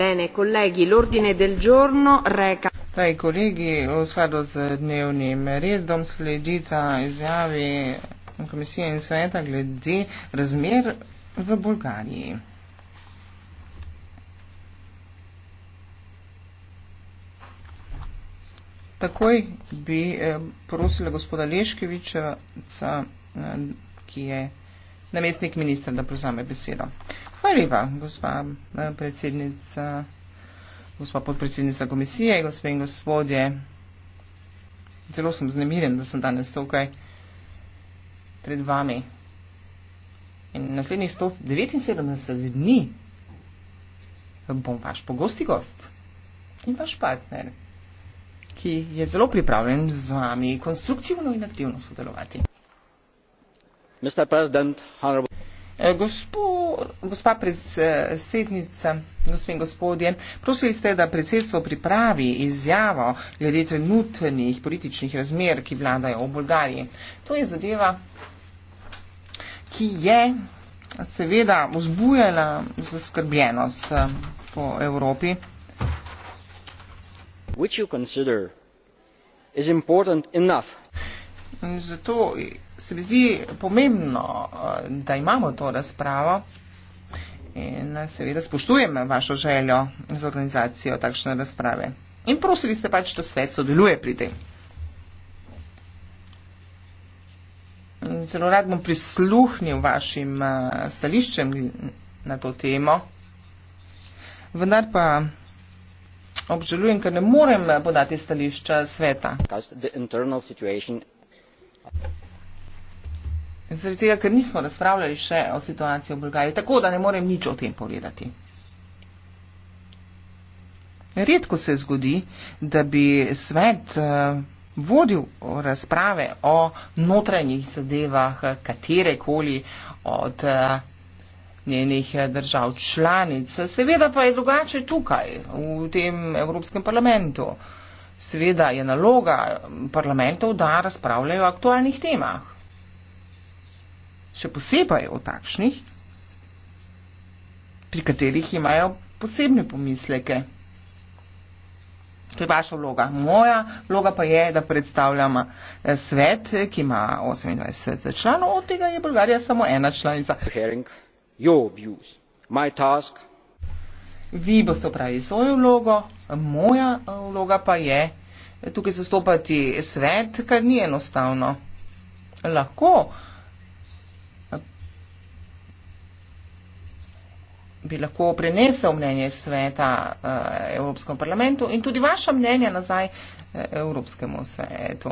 Bene, colleghi, l'ordine del giorno reca. Dai colleghi, o sfado z dnevnim redom sledita izjavi Komisije in sveta glede razmer v Bulgariji. Takoj bi eh, prosila gospoda Leškeviča, eh, ki je namestnik ministra, da prevzame besedo. Hvala lepa, gospa eh, predsednica, gospa podpredsednica komisije, gospe in gospodje. Zelo sem znemiren, da sem danes tukaj pred vami. In naslednjih 179 dni bom vaš pogosti gost in vaš partner, ki je zelo pripravljen z vami konstruktivno in aktivno sodelovati. Mr. President, honorable. Eh, gospo, gospa predsednica, gospod in gospodje, prosili ste, da predsedstvo pripravi izjavo glede trenutnih političnih razmer, ki vladajo v Bolgariji. To je zadeva, ki je seveda vzbujala zaskrbljenost eh, po Evropi. Which you consider is important enough In zato se mi zdi pomembno, eh, da imamo to razpravo in eh, seveda spoštujem vašo željo za organizacijo takšne razprave. In prosili ste pač, da svet sodeluje pri tem. Zelo rad bom prisluhnil vašim eh, stališčem na to temo, vendar pa obžalujem, ker ne morem podati stališča sveta. Zaradi tega, ker nismo razpravljali še o situaciji v Bulgariji, tako da ne morem nič o tem povedati. Redko se zgodi, da bi svet eh, vodil razprave o notranjih zadevah katerekoli od eh, njenih držav članic. Seveda pa je drugače tukaj, v tem Evropskem parlamentu. Seveda je naloga parlamentov, da razpravljajo o aktualnih temah. Še posebej o takšnih, pri katerih imajo posebne pomisleke. To je vaša vloga. Moja vloga pa je, da predstavljam eh, svet, ki ima 28 članov, od tega je Bolgarija samo ena članica vi boste upravili svojo vlogo, moja eh, vloga pa je eh, tukaj zastopati svet, kar ni enostavno. Lahko eh, bi lahko prenesel mnenje sveta Evropskemu parlamentu in tudi vaša mnenja nazaj Evropskemu svetu.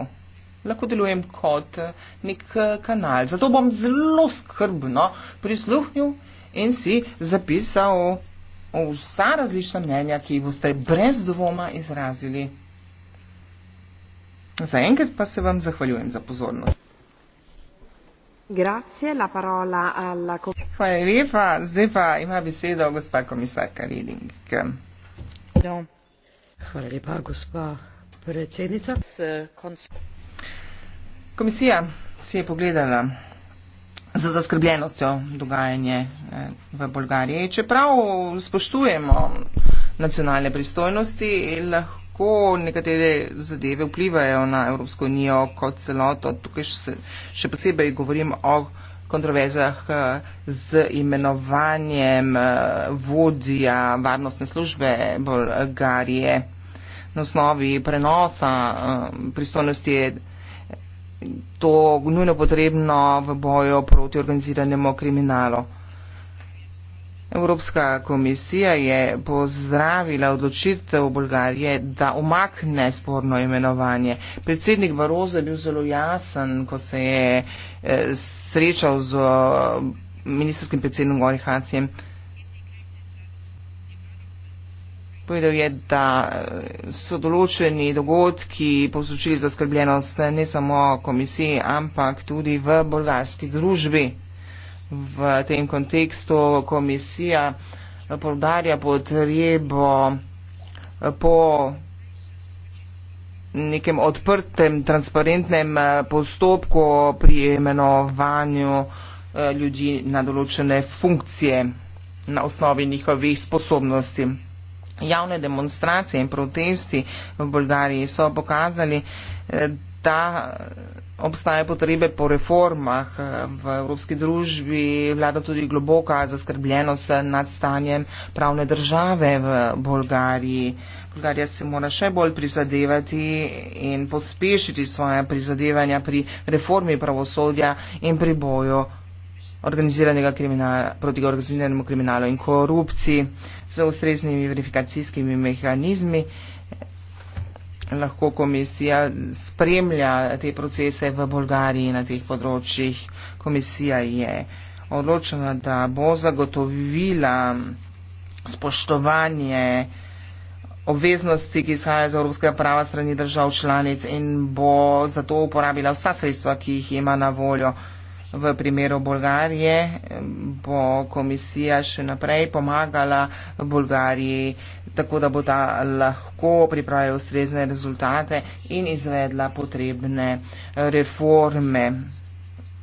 Lahko delujem kot nek kanal. Zato bom zelo skrbno prisluhnil in si zapisal vsa različna mnenja, ki jih boste brez dvoma izrazili. Za enkrat pa se vam zahvaljujem za pozornost. Grazie, la parola alla... Hvala lepa, zdaj pa ima besedo gospa komisarka Reding. No. Hvala lepa, gospa predsednica. Komisija si je pogledala za zaskrbljenostjo dogajanje eh, v Bolgariji. Čeprav spoštujemo nacionalne pristojnosti, lahko nekatere zadeve vplivajo na Evropsko unijo kot celoto. Tukaj še, še posebej govorim o kontroverzah eh, z imenovanjem eh, vodja varnostne službe Bolgarije na osnovi prenosa pristojnosti. Je, to nujno potrebno v boju proti organiziranemu kriminalu. Evropska komisija je pozdravila odločitev Bolgarije, da omakne sporno imenovanje. Predsednik Barozo je bil zelo jasen, ko se je eh, srečal z eh, ministrskim predsednikom Gorihacijem. Povedal je, da eh, so določeni dogodki povzročili zaskrbljenost eh, ne samo komisiji, ampak tudi v bolgarski družbi. V tem kontekstu komisija eh, povdarja potrebo po nekem odprtem, transparentnem postopku pri imenovanju ljudi na določene funkcije na osnovi njihovih sposobnosti. Javne demonstracije in protesti v Bolgariji so pokazali, eh, da obstaje potrebe po reformah eh, v evropski družbi, vlada tudi globoka zaskrbljenost nad stanjem pravne države v Bolgariji. Bolgarija se mora še bolj prizadevati in pospešiti svoje prizadevanja pri reformi pravosodja in pri boju organiziranega kriminala, proti organiziranemu kriminalu in korupciji z ustreznimi verifikacijskimi mehanizmi. Lahko komisija spremlja te procese v Bolgariji na teh področjih. Komisija je odločena, da bo zagotovila spoštovanje obveznosti, ki izhaja iz evropskega prava strani držav članic in bo zato uporabila vsa sredstva, ki jih ima na voljo. V primeru Bolgarije bo komisija še naprej pomagala Bolgariji, tako da bo ta lahko pripravila ustrezne rezultate in izvedla potrebne eh, reforme.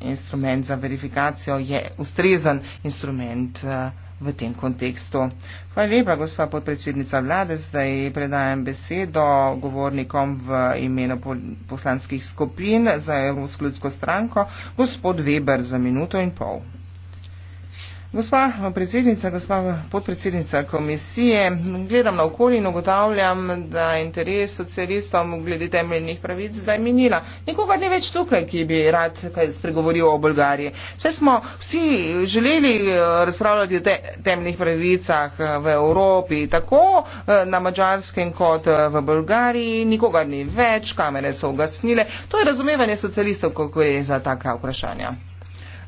Instrument za verifikacijo je ustrezen instrument. Uh, v tem kontekstu. Hvala lepa, gospa podpredsednica vlade. Zdaj predajam besedo govornikom v imenu poslanskih skupin za Evropsko ljudsko stranko, gospod Weber za minuto in pol. Gospa predsednica, gospa podpredsednica komisije, gledam na okolje in ugotavljam, da interes socialistom glede temeljnih pravic zdaj minila. Nikogar ni več tukaj, ki bi rad spregovoril o Bolgariji. Vse smo vsi želeli eh, razpravljati o te, temeljnih pravicah eh, v Evropi, tako eh, na Mačarskem kot v Bolgariji. Nikogar ni več, kamere so ugasnile. To je razumevanje socialistov, ko gre za taka vprašanja.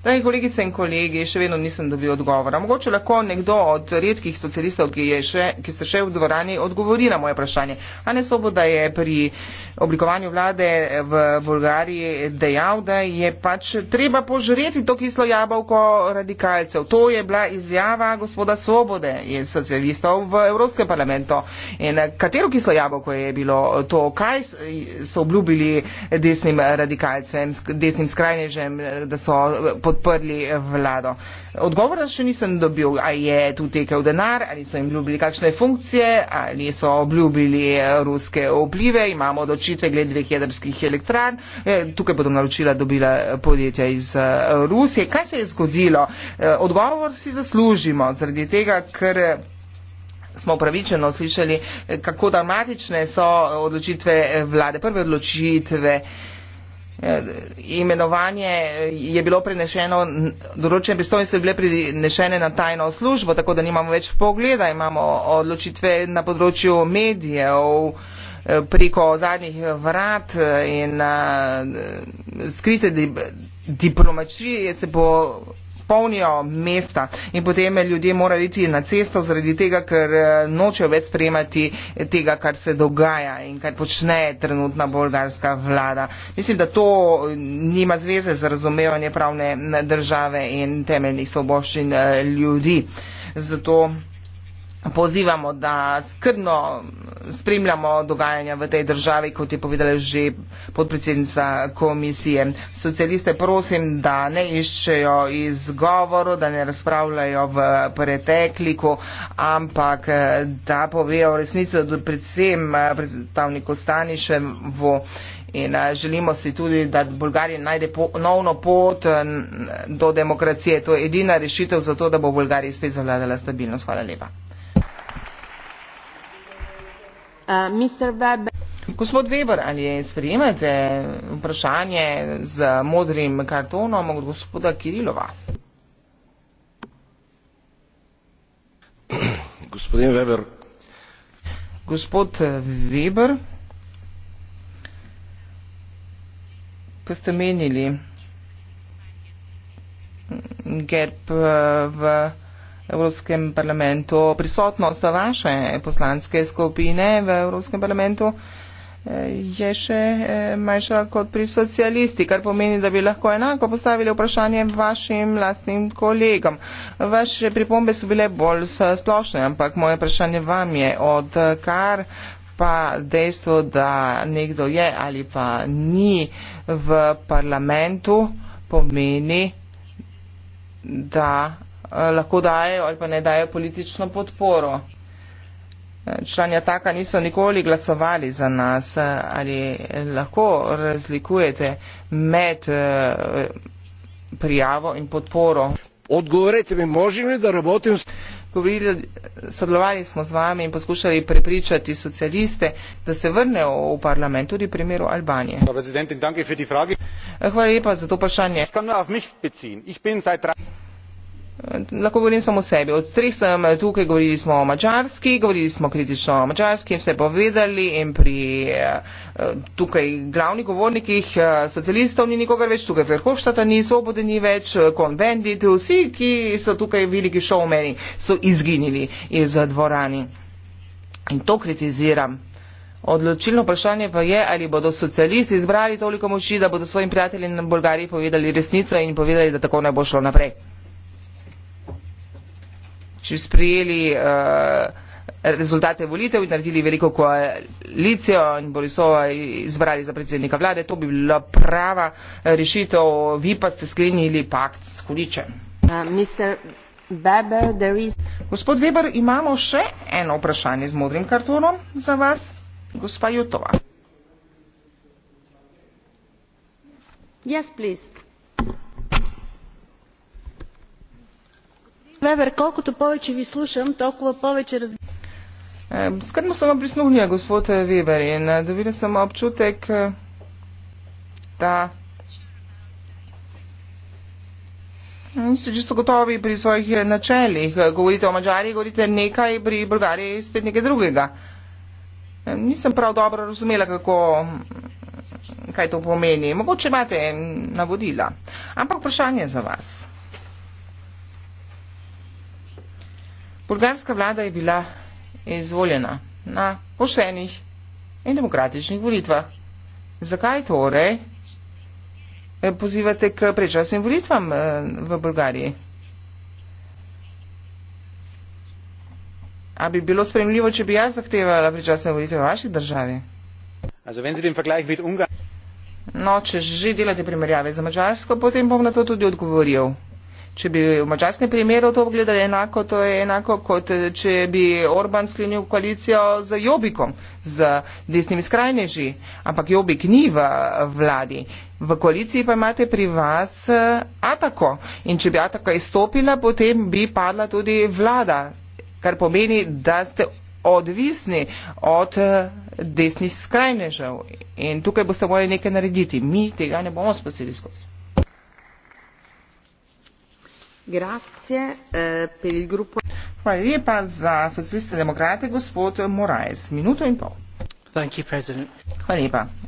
Dragi kolegice in kolegi, še vedno nisem dobil odgovora. Mogoče lahko nekdo od redkih socialistov, ki, še, ki ste še v dvorani, odgovori na moje vprašanje. Ane Soboda je pri oblikovanju vlade v Bolgariji dejal, da je pač treba požreti to kislo jabolko radikalcev. To je bila izjava gospoda Sobode in socialistov v Evropskem parlamentu. In katero kislo jabolko je bilo to? Kaj so obljubili desnim radikalcem, desnim skrajnežem, da so podprli eh, vlado. Odgovora še nisem dobil, ali je tu tekel denar, ali so jim obljubili kakšne funkcije, ali so obljubili eh, ruske vplive, imamo odločitve glede dveh jedrskih elektran, eh, tukaj bodo naročila dobila podjetja iz Rusije. Kaj se je zgodilo? Odgovor si zaslužimo zaradi tega, ker smo upravičeno slišali, kako dramatične so odločitve vlade, prve odločitve. Eh, imenovanje eh, je bilo prenešeno, določene pristojnosti so bile prenešene na tajno službo, tako da nimamo več pogleda, imamo odločitve na področju medijev eh, preko zadnjih vrat in skrite diplomačije se bo polnijo mesta in potem ljudje morajo iti na cesto zaradi tega, ker eh, nočejo več spremati tega, kar se dogaja in kar počne trenutna bolgarska vlada. Mislim, da to eh, nima zveze z razumevanje pravne države in temeljnih soboščin eh, ljudi. Zato pozivamo, da skrbno spremljamo dogajanja v tej državi, kot je povedala že podpredsednica komisije. Socialiste prosim, da ne iščejo izgovoru, da ne razpravljajo v pretekliku, ampak da povejo resnico, da predvsem predstavniku Staniševu. In želimo si tudi, da Bolgarija najde ponovno pot do demokracije. To je edina rešitev za to, da bo Bolgarija spet zavladala stabilnost. Hvala lepa. Eh, Gospod Weber, ali sprejemate vprašanje z modrim kartonom od gospoda Kirilova? Gospodin Weber. Gospod Weber, kaj ste menili? Gerb eh, v. Uh, Evropskem parlamentu. Prisotnost vaše poslanske skupine v Evropskem parlamentu eh, je še eh, manjša kot pri socialisti, kar pomeni, da bi lahko enako postavili vprašanje vašim lastnim kolegom. Vaše pripombe so bile bolj splošne, ampak moje vprašanje vam je, odkar pa dejstvo, da nekdo je ali pa ni v parlamentu, pomeni, da Eh, lahko dajo ali pa ne dajo politično podporo. Eh, člani ataka niso nikoli glasovali za nas. Eh, ali lahko razlikujete med prijavo in podporo? Odgovorite mi, možem li, da robotim? Govorili, sodelovali smo z vami in poskušali prepričati socialiste, da se vrnejo v parlament, tudi v primeru Albanije. Hvala lepa za to vprašanje lahko govorim samo o sebi. Od treh sem tukaj, govorili smo o mačarski, govorili smo kritično o mačarski in vse povedali in pri eh, tukaj glavnih govornikih eh, socialistov ni nikogar več, tukaj Verhoštata ni, Svobode ni več, Konvendit, eh, vsi, ki so tukaj veliki šovmeni, so izginili iz dvorani. In to kritiziram. Odločilno vprašanje pa je, ali bodo socialisti izbrali toliko moči, da bodo svojim prijateljem na Bolgariji povedali resnico in povedali, da tako ne bo šlo naprej že sprijeli eh, rezultate volitev in naredili veliko koalicijo in Borisova izbrali za predsednika vlade. To bi bila prava eh, rešitev. Vi pa ste sklenili pakt s Huličem. Uh, is... Gospod Weber, imamo še eno vprašanje z modrim kartonom za vas. Gospa Jutova. Yes, please. Вебер, колкото повече ви слушам, толкова повече разбирам. Скърмо съм обриснухния, господ Вибер, и да видя съм обчутек. Да. Се чисто готови при своих началих. Говорите о Маджари, говорите некай при Българи и спет нека другега. Nisem prav dobro razumela, kako, kaj to pomeni. Mogoče imate navodila, ampak vprašanje za vas. Bulgarska vlada je bila izvoljena na poštenih in demokratičnih volitvah. Zakaj torej eh, pozivate k prečasnim volitvam eh, v Bulgariji? A bi bilo spremljivo, če bi jaz zahtevala prečasne volitve v vaši državi? No, če že delate primerjave za Mačarsko, potem bom na to tudi odgovoril. Če bi v mačarskem primeru to gledali enako, to je enako, kot če bi Orban sklenil koalicijo z Jobikom, z desnimi skrajneži. Ampak Jobik ni v vladi. V koaliciji pa imate pri vas eh, Atako. In če bi Atako izstopila, potem bi padla tudi vlada, kar pomeni, da ste odvisni od eh, desnih skrajnežev. In tukaj boste morali nekaj narediti. Mi tega ne bomo spustili skozi. Eh,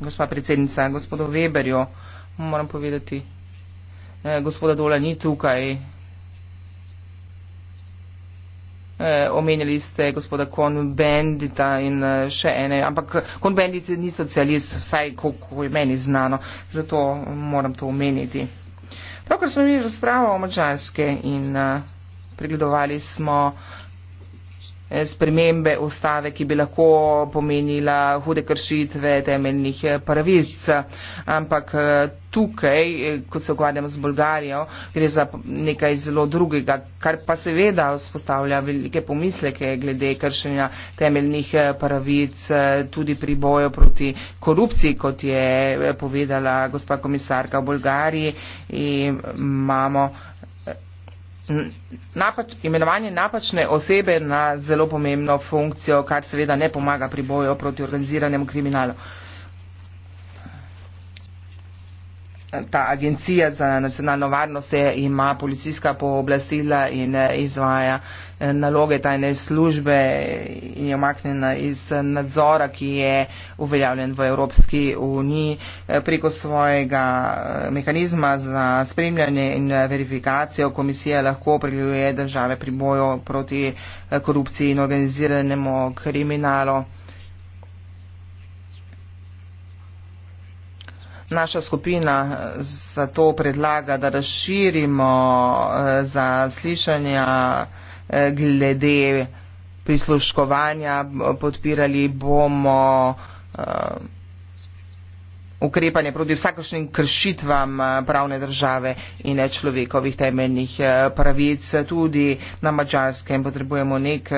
gospa predsednica gospodu weberju moram povedati eh, gospoda daula ni tukaj eh, omenjali ste gospoda cohn bendita in še ene ampak cohn bendit ni socialist vsaj kako je meni znano zato moram to omeniti Pravkar smo imeli razpravo o Mačarske in uh, pregledovali smo spremembe ustave, ki bi lahko pomenila hude kršitve temeljnih pravic. Ampak eh, tukaj, eh, ko se ukvarjamo z Bolgarijo, gre za nekaj zelo drugega, kar pa seveda vzpostavlja velike pomisleke glede kršenja temeljnih eh, pravic tudi pri boju proti korupciji, kot je povedala gospa komisarka v Bolgariji. In imamo napač, imenovanje napačne osebe na zelo pomembno funkcijo, kar seveda ne pomaga pri boju proti organiziranemu kriminalu. Uh, ta agencija za nacionalno varnost ima policijska pooblastila in eh, izvaja eh, naloge tajne službe in je omaknjena iz eh, nadzora, ki je uveljavljen v Evropski uniji preko svojega mehanizma za spremljanje in verifikacijo. Komisija lahko pregleduje države pri boju proti korupciji in organiziranemu kriminalu. Naša skupina eh, zato predlaga, da razširimo eh, za slišanja eh, glede prisluškovanja. Podpirali bomo ukrepanje proti vsakošnjim kršitvam pravne države in človekovih temeljnih pravic. Tudi na mačarskem potrebujemo nek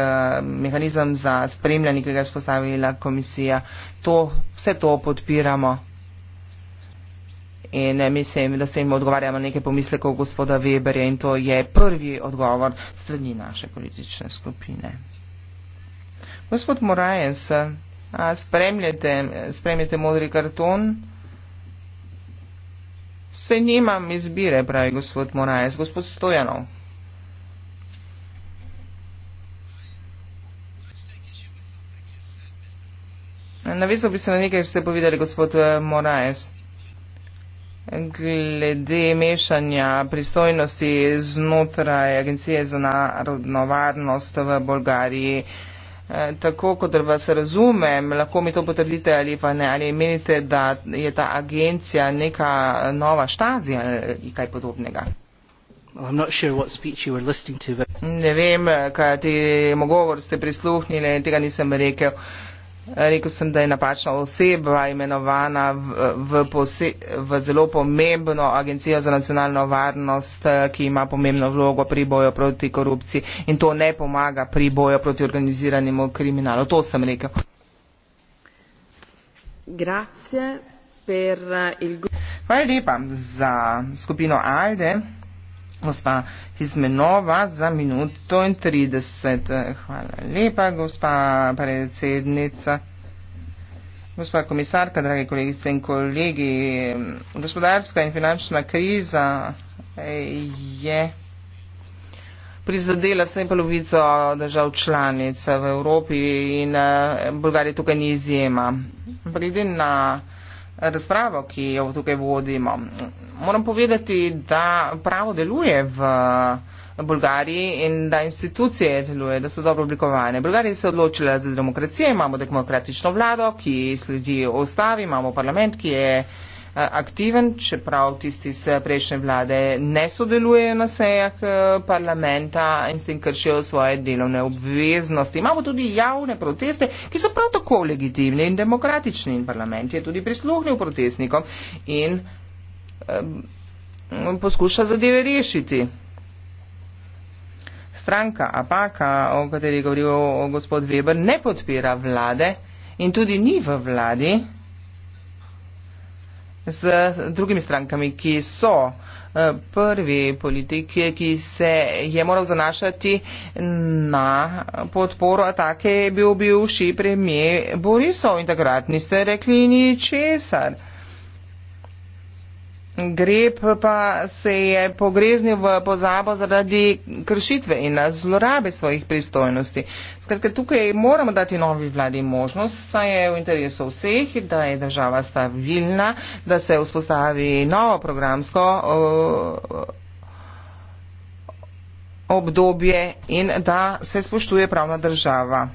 mehanizem za spremljanje, ki ga je spostavila komisija. To, vse to podpiramo in eh, mislim, da se jim odgovarjamo neke pomisleke gospoda Weberja in to je prvi odgovor strani naše politične skupine. Gospod Morajens, spremljate, spremljate modri karton? Se nimam izbire, pravi gospod Morajens, gospod Stojanov. Navezal bi se na nekaj, kar ste povedali, gospod eh, Morajes glede mešanja pristojnosti znotraj Agencije za narodno varnost v Bolgariji. Eh, tako kot vas razumem, lahko mi to potrdite ali pa ne, ali menite, da je ta agencija neka nova štazija ali kaj podobnega. I'm not sure what speech you were listening to. But... Ne vem, kaj ti mogovor ste prisluhnili, tega nisem rekel. Uh, Rekl sem, da je napačna oseba imenovana v, v, pose, v zelo pomembno agencijo za nacionalno varnost, ki ima pomembno vlogo pri boju proti korupciji in to ne pomaga pri boju proti organiziranemu kriminalu. To sem rekel. Eh, Hvala lepa za skupino ALDE gospa Hizmenova za minuto in 30. Hvala lepa, gospa predsednica. Gospa komisarka, drage kolegice in kolegi, gospodarska in finančna kriza eh, je prizadela vsem polovico držav članic v Evropi in eh, Bolgarija tukaj ni izjema. Glede na razpravo, ki jo tukaj vodimo. Moram povedati, da pravo deluje v Bolgariji in da institucije deluje, da so dobro oblikovane. Bolgarija se je odločila za demokracijo, imamo demokratično vlado, ki sledi ustavi, imamo parlament, ki je. Uh, Eh, aktiven, čeprav tisti iz eh, prejšnje vlade ne sodelujejo na sejah eh, parlamenta in s tem kršijo svoje delovne obveznosti. Imamo tudi javne proteste, ki so prav tako legitimni in demokratični in parlament je tudi prisluhnil protestnikom in poskuša zadeve rešiti. Stranka Apaka, o kateri je govoril gospod Weber, ne podpira vlade in tudi ni v vladi z drugimi strankami, ki so eh, prvi politik, ki se je moral zanašati na podporo atake, bil bivši premije Borisov in takrat niste rekli ničesar greb pa se je pogreznil v pozabo zaradi kršitve in zlorabe svojih pristojnosti. Skratka, tukaj moramo dati novi vladi možnost, saj je v interesu vseh, da je država stabilna, da se vzpostavi novo programsko obdobje in da se spoštuje pravna država.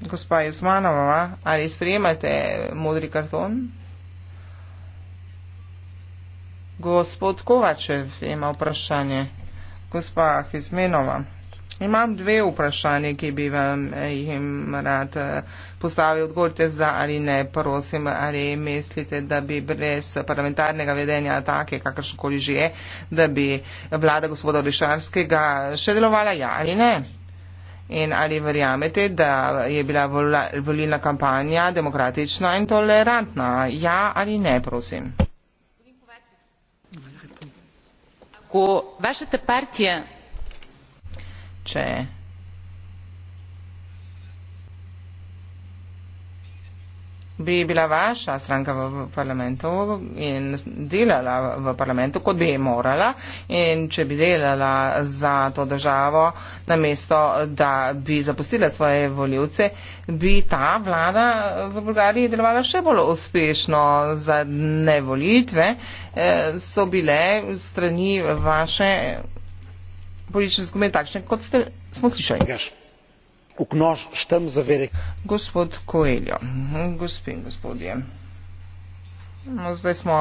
Gospa Jusmanova, ali sprejemate modri karton? Gospod Kovačev ima vprašanje. Gospa Hizmenova, imam dve vprašanje, ki bi vam eh, jih rad eh, postavil. Odgovorite zdaj ali ne, prosim, ali mislite, da bi brez parlamentarnega vedenja take, kakršnokoli že je, da bi vlada gospoda Bišarskega še delovala ja ali ne? In ali verjamete, da je bila volilna kampanja demokratična in tolerantna? Ja ali ne, prosim. кога вашата партија bi bila vaša stranka v parlamentu in delala v parlamentu, kot bi je morala in če bi delala za to državo, namesto da bi zapustila svoje voljivce, bi ta vlada v Bulgariji delovala še bolj uspešno za nevolitve, eh, so bile strani vaše politične skupine takšne, kot ste, smo slišali. Gaš o que nós estamos a ver aqui. Gospod Coelho, gospim, gospodje. No, zdaj smo,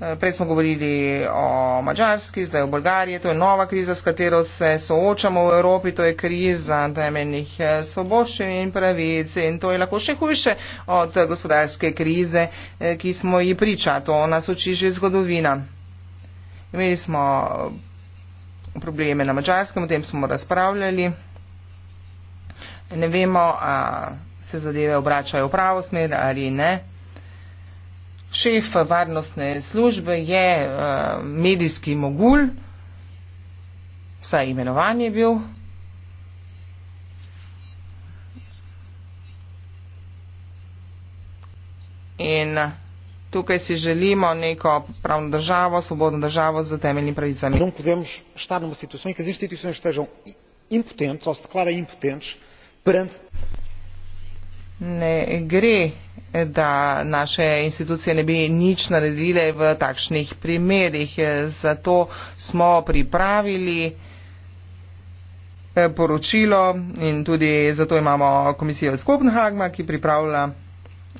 eh, prej smo govorili o Mačarski, zdaj o Bolgariji. To je nova kriza, s katero se soočamo v Evropi. To je kriza temeljnih eh, svoboščin in pravic. In to je lahko še hujše od gospodarske krize, eh, ki smo ji priča. To nas uči že zgodovina. Imeli smo probleme na Mačarskem, o tem smo razpravljali ne vemo, a se zadeve obračajo v pravo smer ali ne. Šef varnostne službe je a, medijski mogul, vsaj imenovan je bil. In tukaj si želimo neko pravno državo, svobodno državo z temeljnimi pravicami. Ne moremo stati v situaciji, ki je zdaj, da so impotentni, da so se deklarirali impotentni prend. Ne gre, da naše institucije ne bi nič naredile v takšnih primerih. Zato smo pripravili eh, poročilo in tudi zato imamo komisijo iz Kopenhagma, ki pripravlja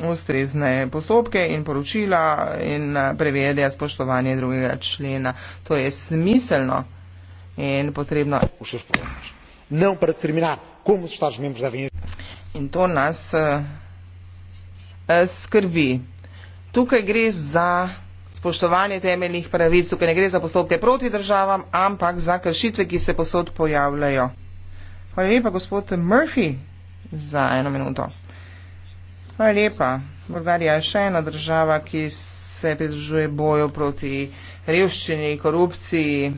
ustrezne postopke in poročila in eh, prevede spoštovanje drugega člena. To je smiselno in potrebno. Ne bom predterminal como os Estados-membros devem. Então, nas escrevi: eh, eh, Tukaj gre za spoštovanje temeljnih pravic, tukaj ne gre za postopke proti državam, ampak za kršitve, ki se posod pojavljajo. Hvala lepa, gospod Murphy, za eno minuto. Hvala lepa. Bolgarija je še ena država, ki se pridružuje boju proti revščini, korupciji.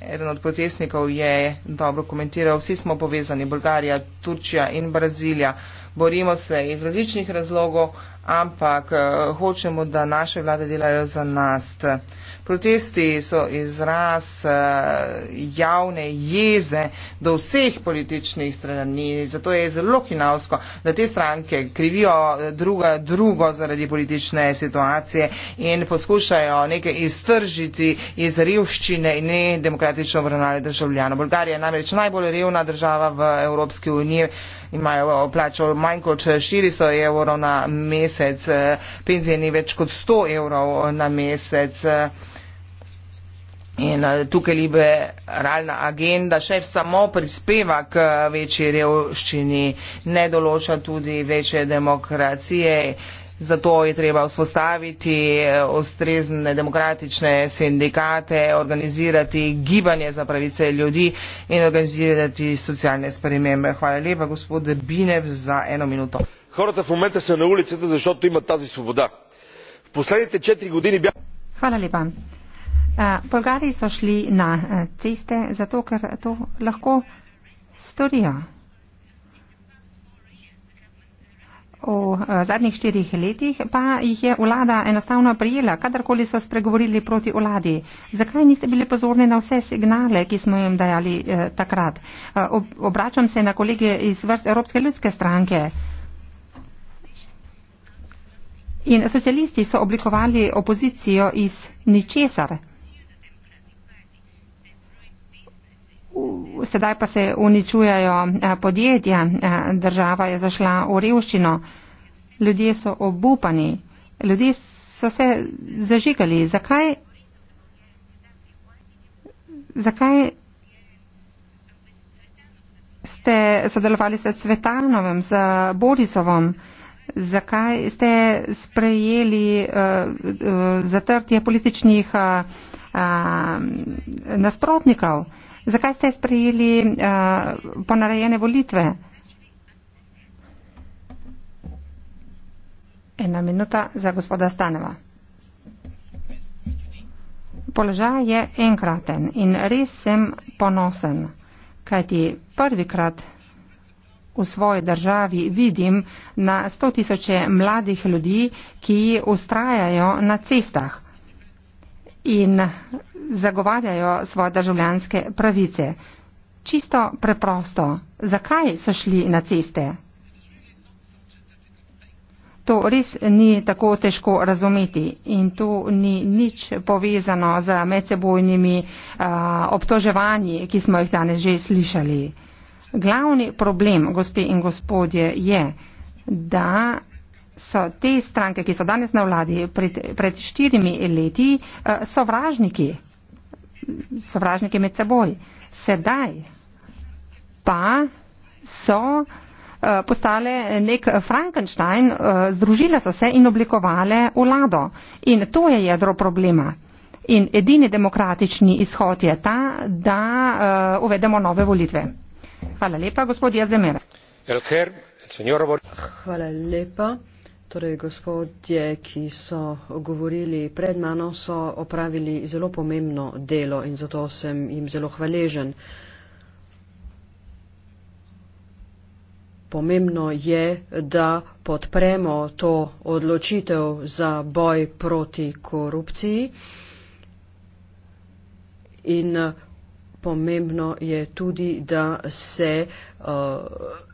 Eden od protestnikov je dobro komentiral, vsi smo povezani, Bolgarija, Turčija in Brazilija. Borimo se iz različnih razlogov, ampak eh, hočemo, da naše vlade delajo za nas. Protesti so izraz eh, javne jeze do vseh političnih strani, zato je zelo hinavsko, da te stranke krivijo eh, druga drugo zaradi politične situacije in poskušajo nekaj iztržiti iz revščine in nedemokratično obravnave državljana. Bolgarija je namreč najbolj revna država v Evropski uniji, imajo plačo manj kot 400 evrov na mesec, eh, penzije ni več kot 100 evrov na mesec. In eh, tukaj liberalna agenda še samo prispeva k eh, večji revščini, ne določa tudi večje demokracije. Zato je treba vzpostaviti eh, ustrezne demokratične sindikate, organizirati gibanje za pravice ljudi in organizirati socialne spremembe. Hvala lepa, gospod Binev, za eno minuto. Hvala lepa. Hvala lepa. Eh, Bolgari so šli na eh, ceste, zato ker to lahko storijo. V eh, zadnjih štirih letih pa jih je vlada enostavno prijela, kadarkoli so spregovorili proti vladi. Zakaj niste bili pozorni na vse signale, ki smo jim dajali eh, takrat? Ob, obračam se na kolege iz vrst Evropske ljudske stranke. In socialisti so oblikovali opozicijo iz ničesar. sedaj pa se uničujajo eh, podjetja, eh, država je zašla v revščino, ljudje so obupani, ljudje so se zažigali. Zakaj? Zakaj ste sodelovali s Cvetanovem, s Borisovom? Zakaj ste sprejeli uh, uh, zatrtje političnih uh, uh, nasprotnikov? Uh, Zakaj ste sprejeli uh, ponarejene volitve? Ena minuta za gospoda Staneva. Položaj je enkraten in res sem ponosen, kajti prvikrat v svoji državi vidim na sto tisoče mladih ljudi, ki ustrajajo na cestah in zagovarjajo svoje državljanske pravice. Čisto preprosto, zakaj so šli na ceste? To res ni tako težko razumeti in to ni nič povezano z medsebojnimi obtoževanji, ki smo jih danes že slišali. Glavni problem, gospe in gospodje, je, da so te stranke, ki so danes na vladi pred, pred štirimi leti, eh, sovražniki, sovražniki med seboj. Sedaj pa so eh, postale nek Frankenstein, eh, združile so se in oblikovale vlado. In to je jedro problema. In edini demokratični izhod je ta, da uvedemo nove volitve. Hvala lepa, gospod Jazdemir. Hvala lepa. Torej, gospodje, ki so govorili pred mano, so opravili zelo pomembno delo in zato sem jim zelo hvaležen. Pomembno je, da podpremo to odločitev za boj proti korupciji in pomembno je tudi, da se. Uh,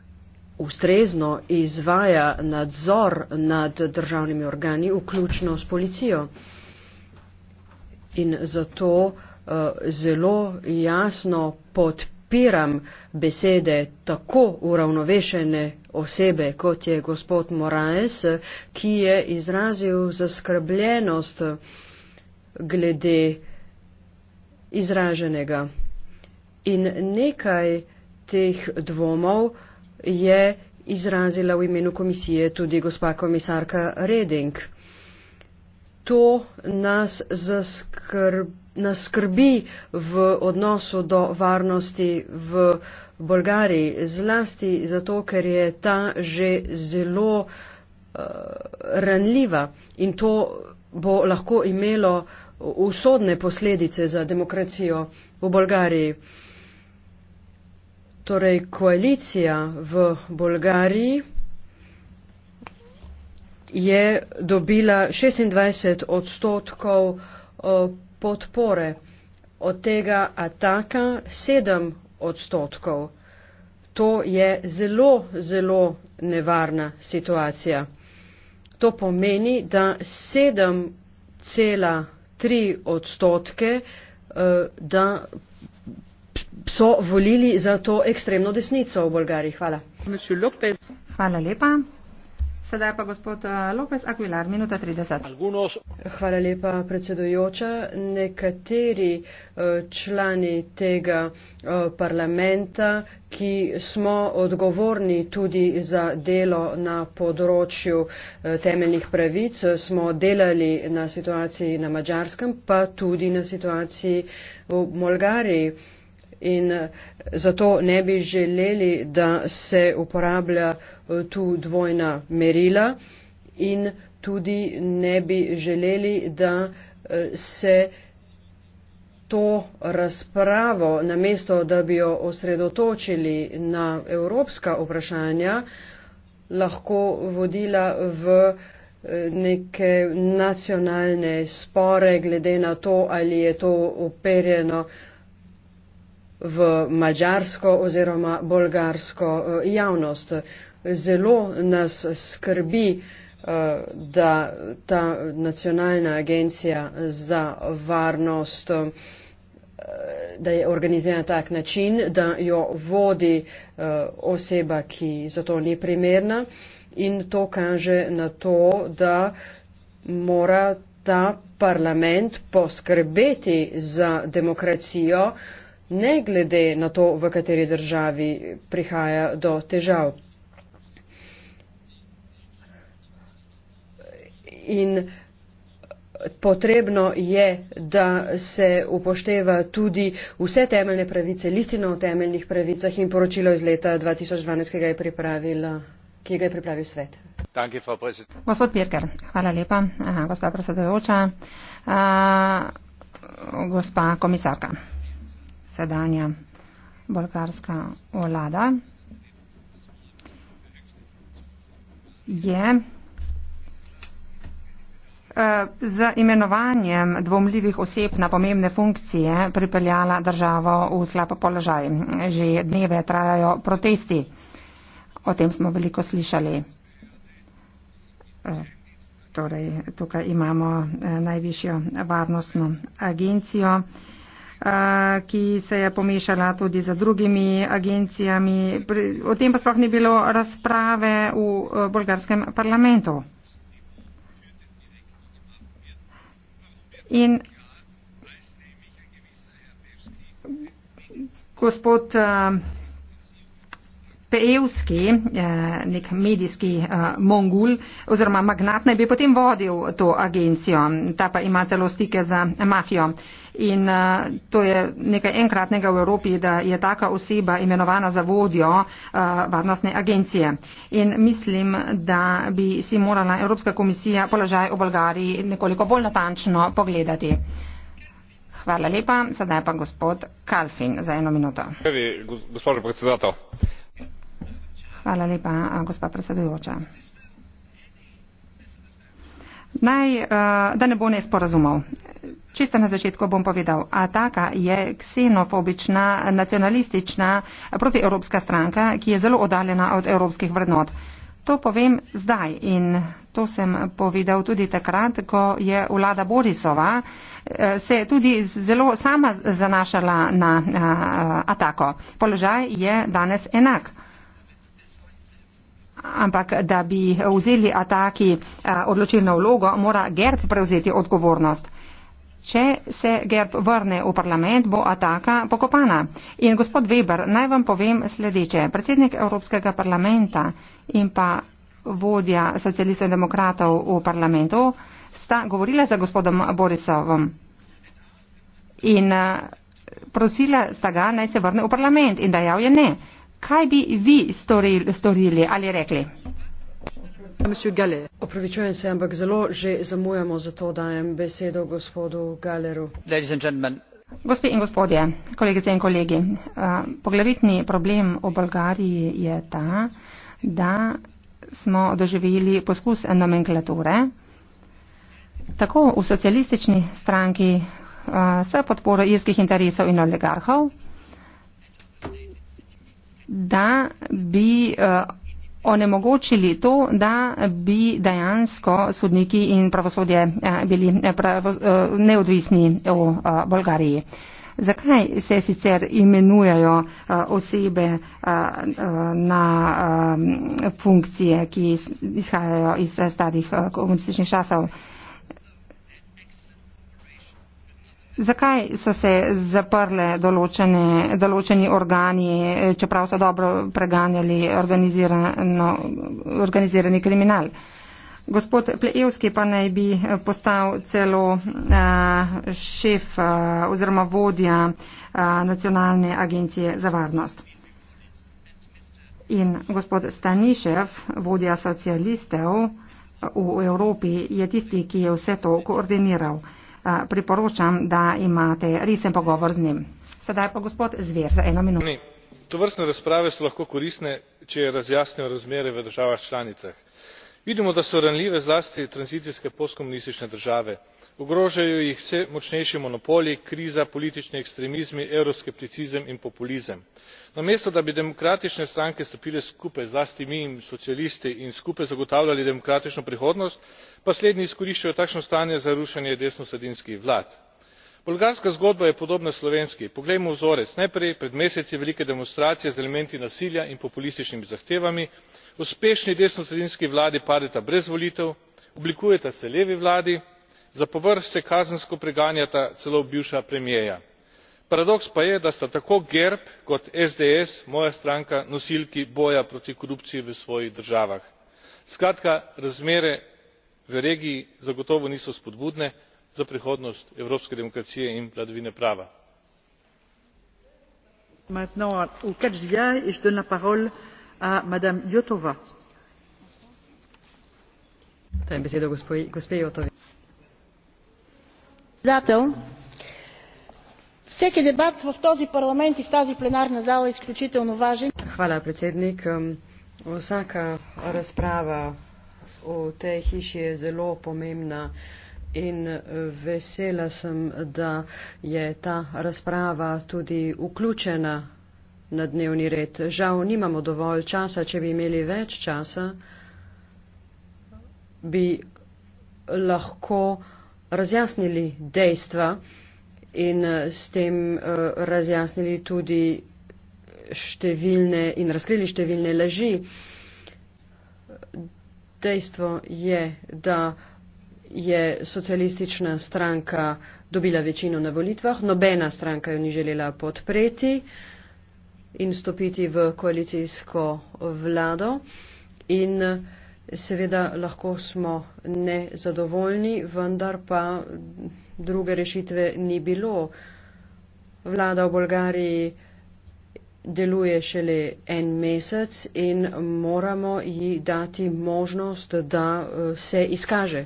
ustrezno izvaja nadzor nad državnimi organi, vključno s policijo. In zato uh, zelo jasno podpiram besede tako uravnovešene osebe, kot je gospod Moraes, ki je izrazil zaskrbljenost glede izraženega. In nekaj teh dvomov uh, je izrazila v imenu komisije tudi gospa komisarka Reding. To nas, skrb, nas skrbi v odnosu do varnosti v Bolgariji, zlasti zato, ker je ta že zelo uh, ranljiva in to bo lahko imelo usodne posledice za demokracijo v Bolgariji. Uh, Torej, koalicija v Bolgariji je dobila 26 odstotkov podpore, od tega ataka 7 odstotkov. To je zelo, zelo nevarna situacija. To pomeni, da 7,3 odstotke e, da so volili za to ekstremno desnico v Bolgariji. Hvala. Hvala lepa. Sedaj pa gospod eh, Lopez Aguilar, minuta 30. Hvala lepa, predsedujoča. Nekateri eh, člani tega eh, parlamenta, ki smo odgovorni tudi za delo na področju temeljnih pravic, smo delali na situaciji na Mačarskem, pa tudi na situaciji v Bolgariji in eh, zato ne bi želeli, da se uporablja eh, tu dvojna merila in tudi ne bi želeli, da eh, se to razpravo, namesto da bi jo osredotočili na evropska vprašanja, lahko vodila v neke nacionalne spore glede na to, ali je to operjeno uh, v mađarsko oziroma bolgarsko eh, javnost. Zelo nas skrbi, eh, da ta nacionalna agencija za varnost, eh, da je organizirana tak način, da jo vodi oseba, ki za to ni primerna in to kaže na to, da mora ta parlament poskrbeti za demokracijo, ne glede na to, v kateri državi prihaja do težav. In potrebno je, da se upošteva tudi vse temeljne pravice, listino o temeljnih pravicah in poročilo iz leta 2012, ki ga je pripravil, ki ga je pripravil svet. Gospod Pirker, hvala lepa. Gospa predsedujoča, gospa komisarka sedanja bolgarska vlada je eh, z imenovanjem dvomljivih oseb na pomembne funkcije pripeljala državo v slab položaj. Že dneve trajajo protesti, o tem smo veliko slišali. Eh, torej, tukaj imamo eh, najvišjo varnostno agencijo ki se je pomešala tudi za drugimi agencijami. O tem pa sploh ni bilo razprave v e, bolgarskem parlamentu. In gospod e, pevski, eh, nek medijski eh, mongul oziroma magnat naj bi potem vodil to agencijo, ta pa ima celo stike za mafijo. In eh, to je nekaj enkratnega v Evropi, da je taka oseba imenovana za vodjo varnostne agencije. In mislim, da bi si morala Evropska komisija položaj v Bolgariji nekoliko bolj natančno pogledati. Hvala lepa. Sedaj pa gospod Kalfin za eno minuto. Hvala, gospod predsedatelj. Hvala lepa, gospa predsedujoča. Naj, eh, da ne bo nesporazumov. Čisto na začetku bom povedal, ataka je ksenofobična, nacionalistična, protievropska stranka, ki je zelo oddaljena od evropskih vrednot. To povem zdaj in to sem povedal tudi takrat, ko je vlada Borisova eh, se tudi zelo sama zanašala na a, eh, a, atako. Položaj je danes enak. Ampak, da bi vzeli ataki eh, odločilno vlogo, mora Gerb prevzeti odgovornost. Če se Gerb vrne v parlament, bo ataka pokopana. In gospod Weber, naj vam povem sledeče. Predsednik Evropskega parlamenta in pa vodja socialistov in demokratov v parlamentu sta govorila za gospodom Borisovom in eh, prosila sta ga, naj se vrne v parlament in dajal je ne kaj bi vi storili, storili ali rekli? Opravičujem se, ampak zelo že zamujamo, zato dajem besedo gospodu Galeru. Gospe in gospodje, kolegice in kolegi, eh, poglavitni problem v Bolgariji je ta, da smo doživeli poskus nomenklature. Tako v socialistični stranki eh, s podporo irskih interesov in oligarhov da bi uh, onemogočili to, da bi dejansko sodniki in pravosodje eh, bili eh, pravos, uh, neodvisni v uh, Bolgariji. Zakaj se sicer imenujajo uh, osebe uh, uh, na uh, funkcije, ki izhajajo iz uh, starih uh, komunističnih časov? Uh, Zakaj so se zaprle določene, določeni organi, čeprav so dobro preganjali organizirani kriminal? Gospod Plejevski pa naj bi postal celo šef oziroma vodja Nacionalne agencije za varnost. In gospod Stanišev, vodja socialistev v Evropi, je tisti, ki je vse to koordiniral priporočam, da imate resen pogovor z njim. Sedaj pa gospod Zver za eno minuto. To vrstne razprave so lahko koristne, če razjasnijo razmere v državah članicah. Vidimo, da so ranljive zlasti tranzicijske postkomunistične države ogrožajo jih vse močnejši monopoli kriza politični ekstremizmi evroskepticizem in populizem. namesto da bi demokratične stranke stopile skupaj zlasti mi socialisti in skupaj zagotavljali demokratično prihodnost pa slednji izkoriščajo takšno stanje za rušenje desnosredinskih vlad. bolgarska zgodba je podobna slovenski poglejmo vzorec najprej pred meseci velike demonstracije z elementi nasilja in populističnimi zahtevami uspešni desnosredinski vladi padeta brez volitev oblikujeta se levi vladi za povrh se kazensko preganjata celo bivša premierja. paradoks pa je da sta tako gerb kot sds moja stranka nosilki boja proti korupciji v svojih državah. skratka razmere v regiji zagotovo niso spodbudne za prihodnost evropske demokracije in vladavine prava vsak debat v tozi parlament in v tozi plenarna zala je izključitelno važen. Hvala, predsednik. Vsaka razprava v tej hiši je zelo pomembna in vesela sem, da je ta razprava tudi vključena na dnevni red. Žal nimamo dovolj časa, če bi imeli več časa, bi lahko razjasnili dejstva in eh, s tem eh, razjasnili tudi številne in razkrili številne laži. Dejstvo je, da je socialistična stranka dobila večino na volitvah, nobena stranka jo ni želela podpreti in stopiti v koalicijsko vlado. In uh, Seveda lahko smo nezadovoljni, vendar pa druge rešitve ni bilo. Vlada v Bolgariji deluje šele en mesec in moramo ji dati možnost, da eh, se izkaže.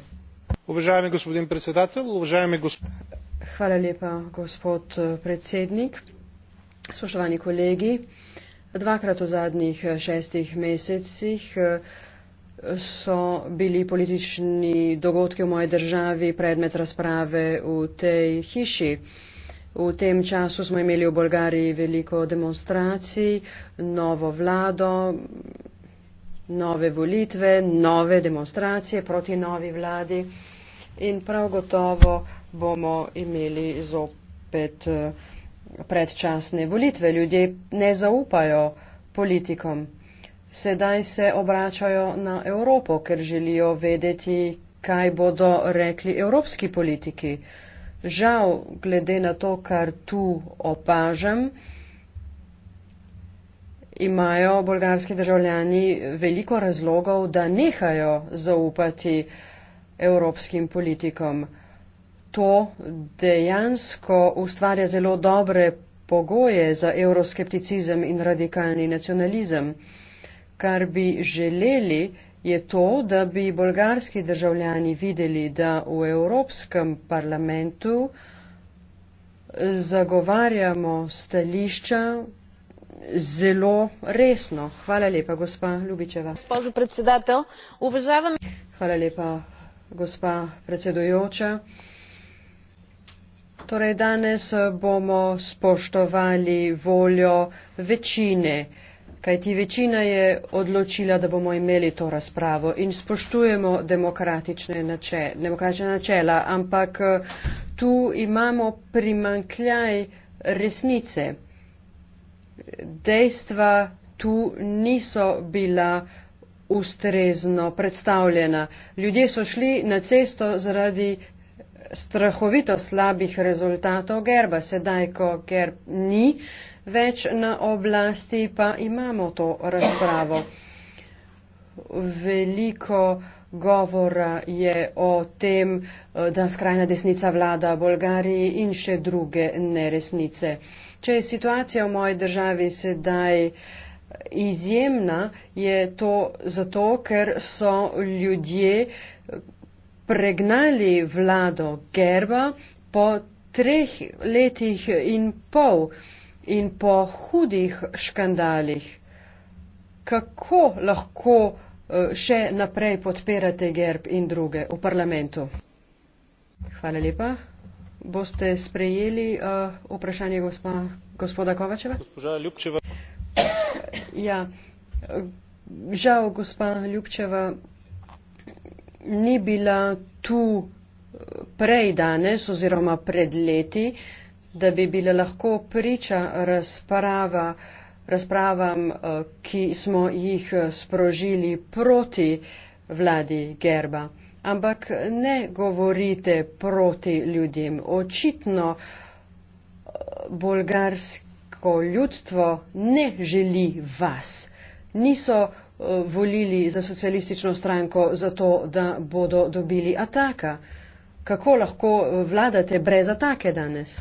Hvala lepa, gospod eh, predsednik. Spoštovani kolegi, dvakrat v zadnjih eh, šestih mesecih so bili politični dogodki v moji državi predmet razprave v tej hiši. V tem času smo imeli v Bolgariji veliko demonstracij, novo vlado, nove volitve, nove demonstracije proti novi vladi in prav gotovo bomo imeli zopet eh, predčasne volitve. Ljudje ne zaupajo politikom sedaj se obračajo na Evropo, ker želijo vedeti, kaj bodo rekli evropski politiki. Žal, glede na to, kar tu opažam, imajo bolgarski državljani veliko razlogov, da nehajo zaupati evropskim politikom. To dejansko ustvarja zelo dobre pogoje za euroskepticizem in radikalni nacionalizem. Kar bi želeli, je to, da bi bolgarski državljani videli, da v Evropskem parlamentu zagovarjamo stališča zelo resno. Hvala lepa, gospa Ljubičeva. Hvala lepa, gospa predsedujoča. Torej, danes bomo spoštovali voljo večine kajti večina je odločila, da bomo imeli to razpravo in spoštujemo demokratične, načel, demokratične načela, ampak tu imamo primankljaj resnice. Dejstva tu niso bila ustrezno predstavljena. Ljudje so šli na cesto zaradi strahovito slabih rezultatov Gerba. Sedaj, ko Gerb ni, uh, več na oblasti, pa imamo to razpravo. Veliko govora je o tem, da skrajna desnica vlada Bolgariji in še druge neresnice. Če je situacija v moji državi sedaj izjemna, je to zato, ker so ljudje pregnali vlado Gerba po treh letih in pol in po hudih škandalih. Kako lahko eh, še naprej podpirate GERB in druge v parlamentu? Hvala lepa. Boste sprejeli uh, vprašanje gospa, gospoda Kovačeva? Gospoda Ljubčeva. Ja, žal gospa Ljubčeva ni bila tu eh, prej danes oziroma pred leti, uh, da bi bila lahko priča razprava, razpravam, eh, ki smo jih eh, sprožili proti vladi Gerba. Ampak ne govorite proti ljudem. Očitno eh, bolgarsko ljudstvo ne želi vas. Niso volili za socialistično stranko zato, da bodo dobili ataka. Kako lahko vladate brez atake danes?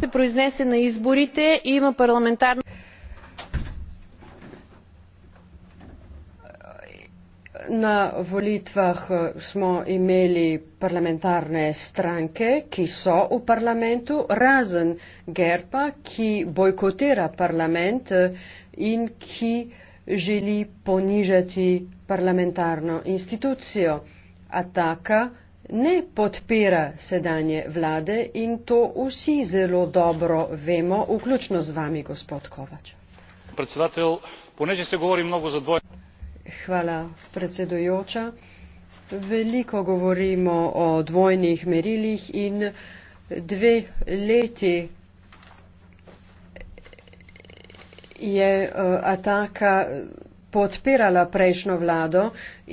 se произнесе на изборите и има парламентарна. На volitvah smo imeli parlamentarne stranke, ki so v parlamentu, razen Gerpa, ki bojkotira parlament in ki želi ponižati parlamentarno institucijo. Ataka ne podpira sedanje vlade in to vsi zelo dobro vemo, vključno z vami, gospod Kovač. Predsedatelj, poneže se govori mnogo za dvoje. Hvala, predsedujoča. Veliko govorimo o dvojnih merilih in dve leti je uh, ataka. Uh, podpirala prejšnjo vlado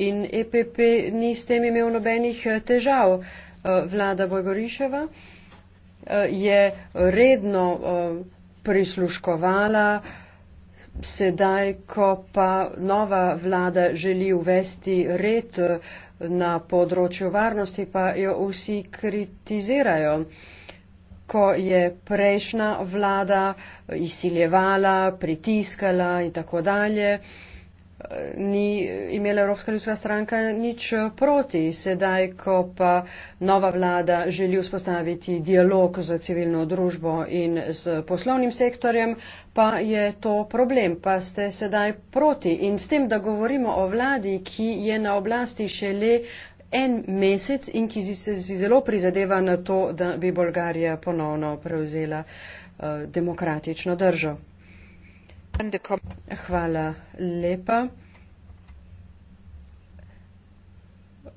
in EPP ni s tem imel nobenih eh, težav. Eh, vlada Bojgoriševa eh, je redno prisluškovala, sedaj, ko pa nova vlada želi uvesti red na področju varnosti, pa jo vsi kritizirajo. Ko je prejšnja vlada izsiljevala, pritiskala in tako dalje. Eh, ni imela Evropska ljudska stranka nič eh, proti. Sedaj, ko pa nova vlada želi vzpostaviti dialog z civilno družbo in z poslovnim sektorjem, pa je to problem. Pa ste sedaj proti. In s tem, da govorimo o vladi, ki je na oblasti šele en mesec in ki si, si zelo prizadeva na to, da bi Bolgarija ponovno prevzela uh, demokratično državo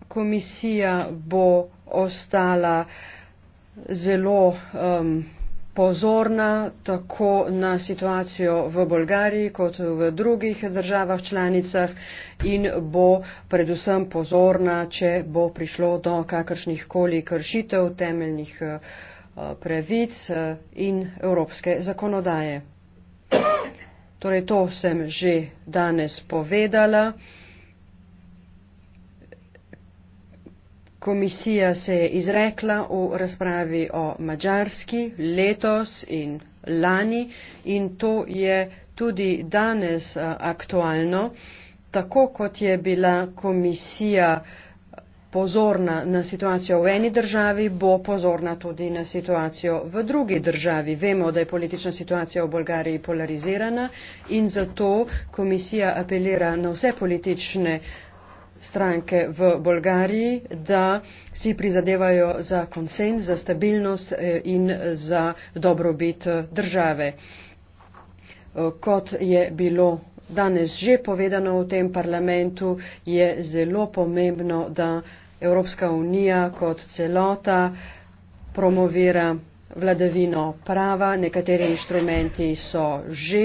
komisija bo ostala zelo um, pozorna tako na situacijo v Bolgariji kot v drugih državah članicah in bo predvsem pozorna, če bo prišlo do kakršnih koli kršitev temeljnih uh, pravic uh, in evropske zakonodaje. Torej, to sem že danes povedala. Komisija se je izrekla v razpravi o Mačarski letos in lani in to je tudi danes eh, aktualno, tako kot je bila komisija uh, pozorna na situacijo v eni državi, bo pozorna tudi na situacijo v drugi državi. Vemo, da je politična situacija v Bolgariji polarizirana in zato komisija apelira na vse politične stranke v Bolgariji, da si prizadevajo za konsens, za stabilnost eh, in eh, za dobrobit eh, države. Kot je bilo danes že povedano v tem parlamentu, je zelo pomembno, da Evropska unija kot celota promovira vladavino prava, nekateri inštrumenti so že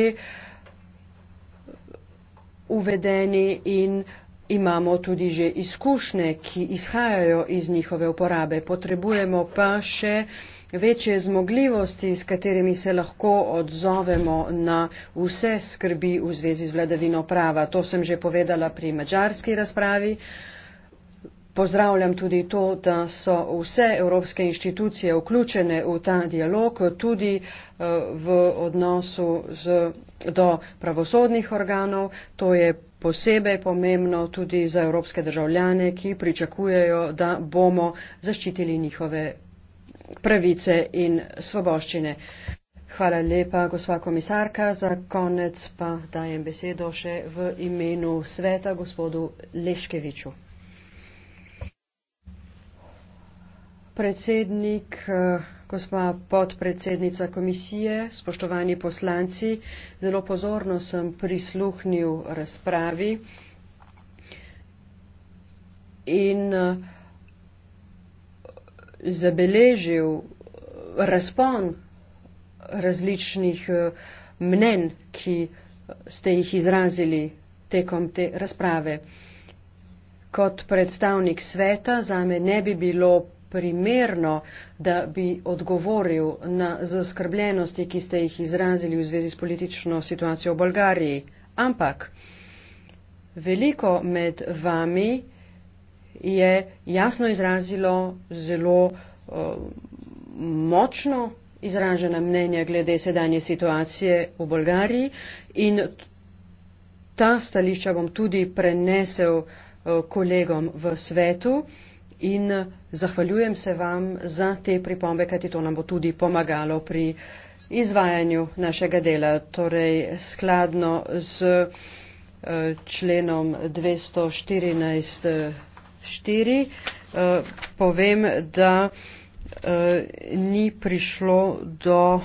uvedeni in imamo tudi že izkušnje, ki izhajajo iz njihove uporabe. Potrebujemo pa še večje zmogljivosti, s katerimi se lahko odzovemo na vse skrbi v zvezi z vladavino prava. To sem že povedala pri mačarski razpravi. Uh, Pozdravljam tudi to, da so vse evropske inštitucije vključene v ta dialog, tudi eh, v odnosu z, do pravosodnih organov. To je posebej pomembno tudi za evropske državljane, ki pričakujejo, da bomo zaščitili njihove pravice in svoboščine. Hvala lepa, gospa komisarka. Za konec pa dajem besedo še v imenu sveta gospodu Leškeviču. predsednik, eh, gospa podpredsednica komisije, spoštovani poslanci, zelo pozorno sem prisluhnil razpravi in eh, zabeležil razpon različnih eh, mnen, ki ste jih izrazili tekom te razprave. Kot predstavnik sveta zame ne bi bilo primerno, da bi odgovoril na zaskrbljenosti, ki ste jih izrazili v zvezi s politično situacijo v Bolgariji. Ampak veliko med vami je jasno izrazilo zelo uh, močno izražena mnenja glede sedanje situacije v Bolgariji in ta stališča bom tudi prenesel uh, kolegom v svetu. Uh, in eh, zahvaljujem se vam za te pripombe, kajti to nam bo tudi pomagalo pri izvajanju našega dela, torej skladno z eh, členom 214.4. Eh, povem, da ni prišlo do